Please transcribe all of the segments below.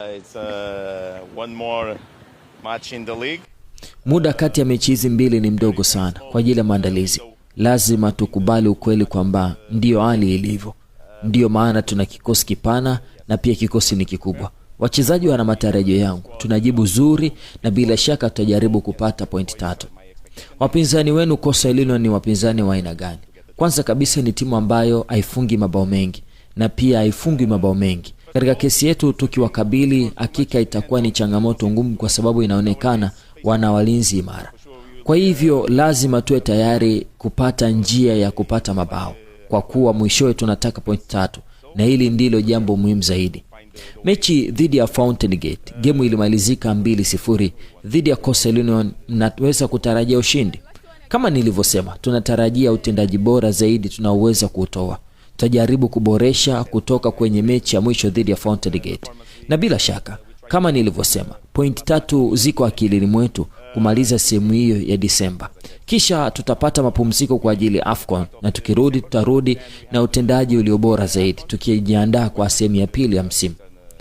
It's, uh, one more match in the league. Muda kati ya mechi hizi mbili ni mdogo sana kwa ajili ya maandalizi. Lazima tukubali ukweli kwamba ndiyo hali ilivyo, ndiyo maana tuna kikosi kipana na pia kikosi ni kikubwa. Wachezaji wana matarajio yangu, tunajibu zuri na bila shaka tutajaribu kupata pointi tatu. Wapinzani wenu Coastal Union ni wapinzani wa aina gani? Kwanza kabisa ni timu ambayo haifungi mabao mengi na pia haifungi mabao mengi katika kesi yetu tukiwakabili, hakika itakuwa ni changamoto ngumu, kwa sababu inaonekana wana walinzi imara. Kwa hivyo lazima tuwe tayari kupata njia ya kupata mabao, kwa kuwa mwishowe tunataka point tatu, na hili ndilo jambo muhimu zaidi. Mechi dhidi ya Fountain Gate gemu ilimalizika mbili sifuri. Dhidi ya Coastal Union mnaweza kutarajia ushindi. Kama nilivyosema, tunatarajia utendaji bora zaidi tunaoweza kuutoa tutajaribu kuboresha kutoka kwenye mechi ya mwisho dhidi ya Fountain Gate, na bila shaka kama nilivyosema, pointi tatu ziko akilini mwetu kumaliza sehemu hiyo ya Disemba, kisha tutapata mapumziko kwa ajili ya AFCON na tukirudi, tutarudi na utendaji ulio bora zaidi, tukijiandaa kwa sehemu ya pili ya msimu.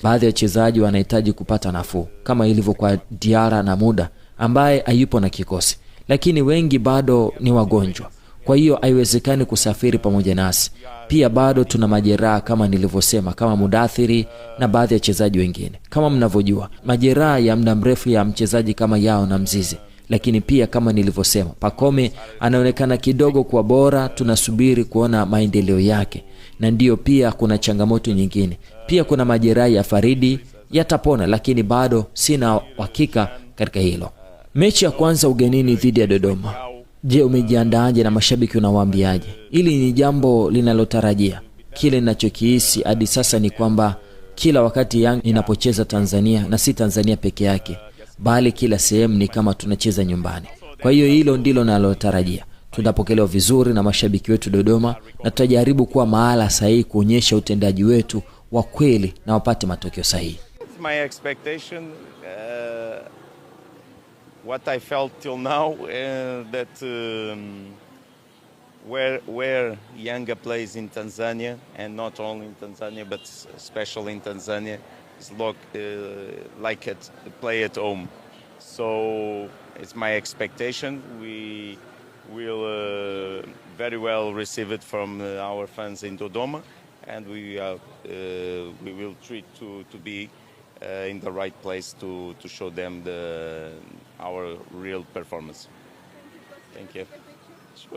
Baadhi ya wachezaji wanahitaji kupata nafuu kama ilivyo kwa Diara na Muda ambaye hayupo na kikosi, lakini wengi bado ni wagonjwa. Kwa hiyo haiwezekani kusafiri pamoja nasi. Pia bado tuna majeraha kama nilivyosema, kama Mudathiri na baadhi ya wachezaji wengine. Kama mnavyojua, majeraha ya muda mrefu ya mchezaji kama Yao na mzizi lakini pia kama nilivyosema, pakome anaonekana kidogo kwa bora, tunasubiri kuona maendeleo yake, na ndiyo pia kuna changamoto nyingine. Pia kuna majeraha ya Faridi, yatapona, lakini bado sina uhakika katika hilo. Mechi ya kwanza ugenini dhidi ya Dodoma Je, umejiandaaje na mashabiki unawaambiaje? Hili ni jambo linalotarajia. Kile ninachokihisi hadi sasa ni kwamba kila wakati Yanga inapocheza Tanzania, na si Tanzania peke yake, bali kila sehemu, ni kama tunacheza nyumbani. Kwa hiyo hilo ndilo nalotarajia. tunapokelewa vizuri na mashabiki wetu Dodoma, na tutajaribu kuwa mahala sahihi kuonyesha utendaji wetu wa kweli na wapate matokeo sahihi. what I felt till now uh, that um, where where Yanga plays in Tanzania and not only in Tanzania but especially in Tanzania is look, uh, like at play at home. So it's my expectation we will uh, very well receive it from uh, our fans in Dodoma and we uh, we will treat to to be uh, in the right place to, to show them the, our real performance. Thank you. Sure.